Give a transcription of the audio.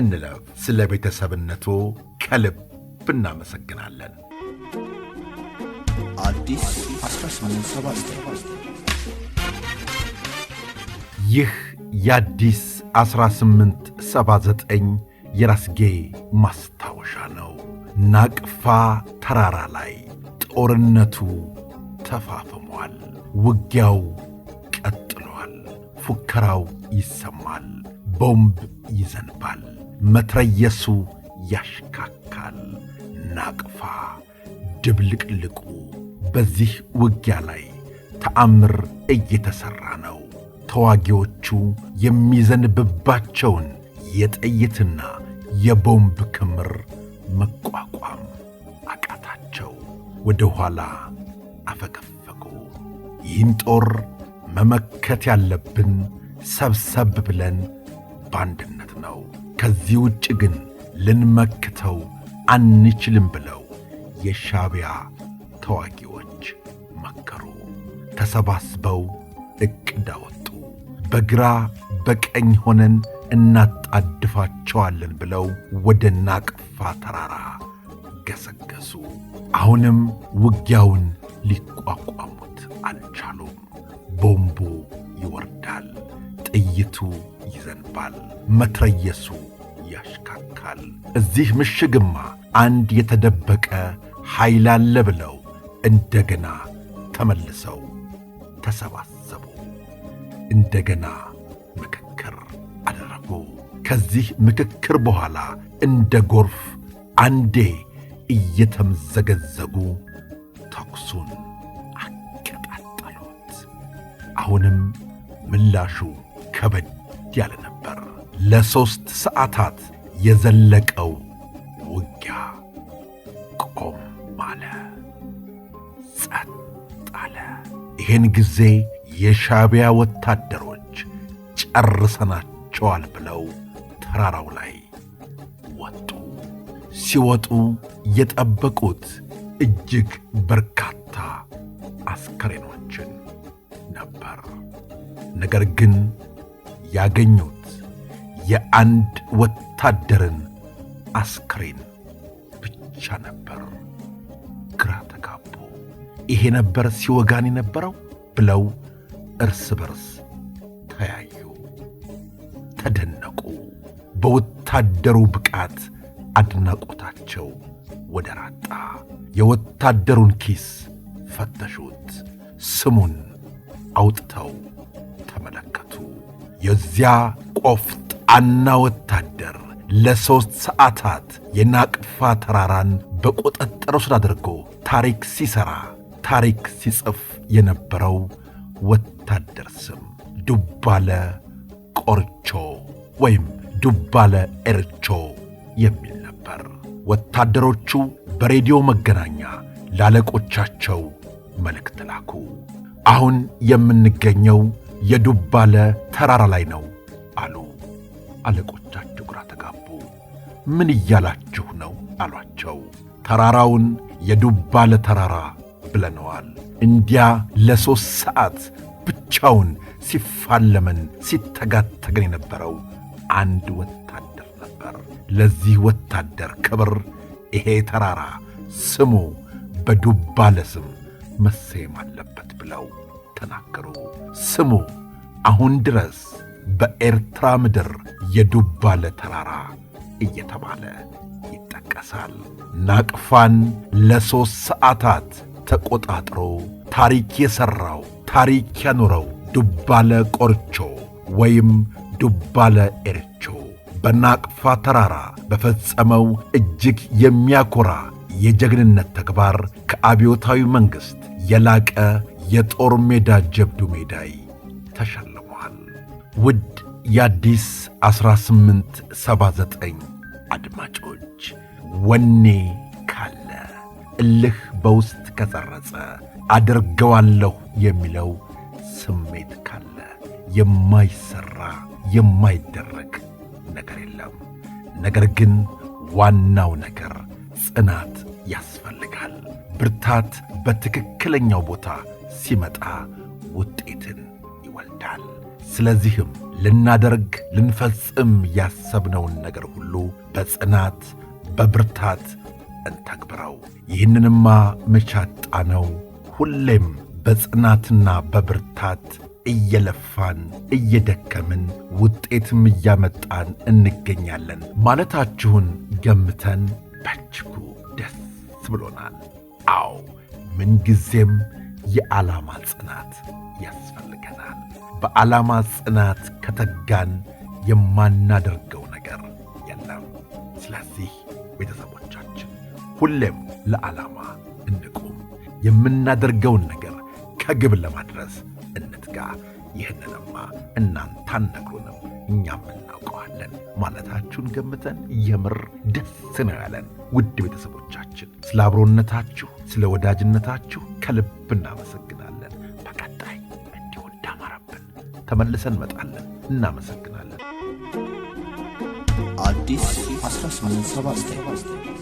እንለፍ። ስለ ቤተሰብነቱ ከልብ እናመሰግናለን። ይህ የአዲስ 1879 የራስጌ ማስታወሻ ነው። ናቅፋ ተራራ ላይ ጦርነቱ ተፋፍሟል። ውጊያው ቀጥሏል። ፉከራው ይሰማል። ቦምብ ይዘንባል። መትረየሱ ያሽካካል። ናቅፋ ድብልቅልቁ በዚህ ውጊያ ላይ ተአምር እየተሠራ ነው። ተዋጊዎቹ የሚዘንብባቸውን የጥይትና የቦምብ ክምር መቋቋም አቃታቸው። ወደ ኋላ አፈገፈጉ። ይህን ጦር መመከት ያለብን ሰብሰብ ብለን በአንድነት ነው። ከዚህ ውጭ ግን ልንመክተው አንችልም ብለው የሻቢያ ተዋጊዎች መከሩ። ተሰባስበው እቅድ አወጡ። በግራ በቀኝ ሆነን እናጣድፋቸዋለን ብለው ወደ ናቅፋ ተራራ ገሰገሱ። አሁንም ውጊያውን ሊቋቋሙት አልቻሉም። ቦምቡ ይወርዳል፣ ጥይቱ ይዘንባል፣ መትረየሱ ይልሃል። እዚህ ምሽግማ አንድ የተደበቀ ኃይል አለ ብለው እንደገና ተመልሰው ተሰባሰቡ። እንደገና ምክክር አደረጉ። ከዚህ ምክክር በኋላ እንደ ጎርፍ አንዴ እየተምዘገዘጉ ተኩሱን አቀጣጠሉት። አሁንም ምላሹ ከበድ ያለ ነበር። ለሦስት ሰዓታት የዘለቀው ውጊያ ቆም አለ፣ ጸጥ አለ። ይህን ጊዜ የሻቢያ ወታደሮች ጨርሰናቸዋል ብለው ተራራው ላይ ወጡ። ሲወጡ የጠበቁት እጅግ በርካታ አስከሬኖችን ነበር። ነገር ግን ያገኙት የአንድ ወታደርን አስክሬን ብቻ ነበር። ግራ ተጋቡ። ይሄ ነበር ሲወጋን የነበረው ብለው እርስ በርስ ተያዩ፣ ተደነቁ። በወታደሩ ብቃት አድናቆታቸው ወደ ራጣ። የወታደሩን ኪስ ፈተሹት። ስሙን አውጥተው ተመለከቱ። የዚያ ቆፍ አና ወታደር ለሦስት ሰዓታት የናቅፋ ተራራን በቁጥጥር ስር አድርጎ ታሪክ ሲሠራ ታሪክ ሲጽፍ የነበረው ወታደር ስም ዱባለ ቆርቾ ወይም ዱባለ ኤርቾ የሚል ነበር። ወታደሮቹ በሬዲዮ መገናኛ ላለቆቻቸው መልእክት ላኩ። አሁን የምንገኘው የዱባለ ተራራ ላይ ነው አለቆቻቸው ግራ ተጋቡ። ምን እያላችሁ ነው አሏቸው። ተራራውን የዱባ ለተራራ ብለነዋል። እንዲያ ለሦስት ሰዓት ብቻውን ሲፋለመን ሲተጋተገን የነበረው አንድ ወታደር ነበር። ለዚህ ወታደር ክብር ይሄ ተራራ ስሙ በዱባ ለስም መሰየም አለበት ብለው ተናገሩ። ስሙ አሁን ድረስ በኤርትራ ምድር የዱባለ ተራራ እየተባለ ይጠቀሳል። ናቅፋን ለሦስት ሰዓታት ተቆጣጥሮ ታሪክ የሠራው ታሪክ ያኖረው ዱባለ ቆርቾ ወይም ዱባለ ኤርቾ በናቅፋ ተራራ በፈጸመው እጅግ የሚያኮራ የጀግንነት ተግባር ከአብዮታዊ መንግሥት የላቀ የጦር ሜዳ ጀብዱ ሜዳይ ተሸልሟል። ውድ የአዲስ 1879 አድማጮች ወኔ ካለ እልህ በውስጥ ከሰረጸ አድርገዋለሁ የሚለው ስሜት ካለ የማይሰራ የማይደረግ ነገር የለም። ነገር ግን ዋናው ነገር ጽናት ያስፈልጋል። ብርታት በትክክለኛው ቦታ ሲመጣ ውጤትን ይወልዳል። ስለዚህም ልናደርግ ልንፈጽም ያሰብነውን ነገር ሁሉ በጽናት በብርታት እንተግብረው። ይህንንማ መቻጣ ነው። ሁሌም በጽናትና በብርታት እየለፋን እየደከምን ውጤትም እያመጣን እንገኛለን ማለታችሁን ገምተን በእጅጉ ደስ ብሎናል። አዎ ምንጊዜም የዓላማ ጽናት ያስፈልገናል። በዓላማ ጽናት ከተጋን የማናደርገው ነገር የለም። ስለዚህ ቤተሰቦቻችን ሁሌም ለዓላማ እንቁም፣ የምናደርገውን ነገር ከግብ ለማድረስ እንትጋ። ይህንንማ እናንተ አትነግሩንም እኛም እናውቀዋለን ማለታችሁን ገምተን የምር ደስ ነው ያለን። ውድ ቤተሰቦቻችን ስለ አብሮነታችሁ፣ ስለ ወዳጅነታችሁ ከልብ እናመሰግናለን። በቀጣይ እንዲሁ እንዳማረብን ተመልሰን እንመጣለን። እናመሰግናለን። አዲስ 1879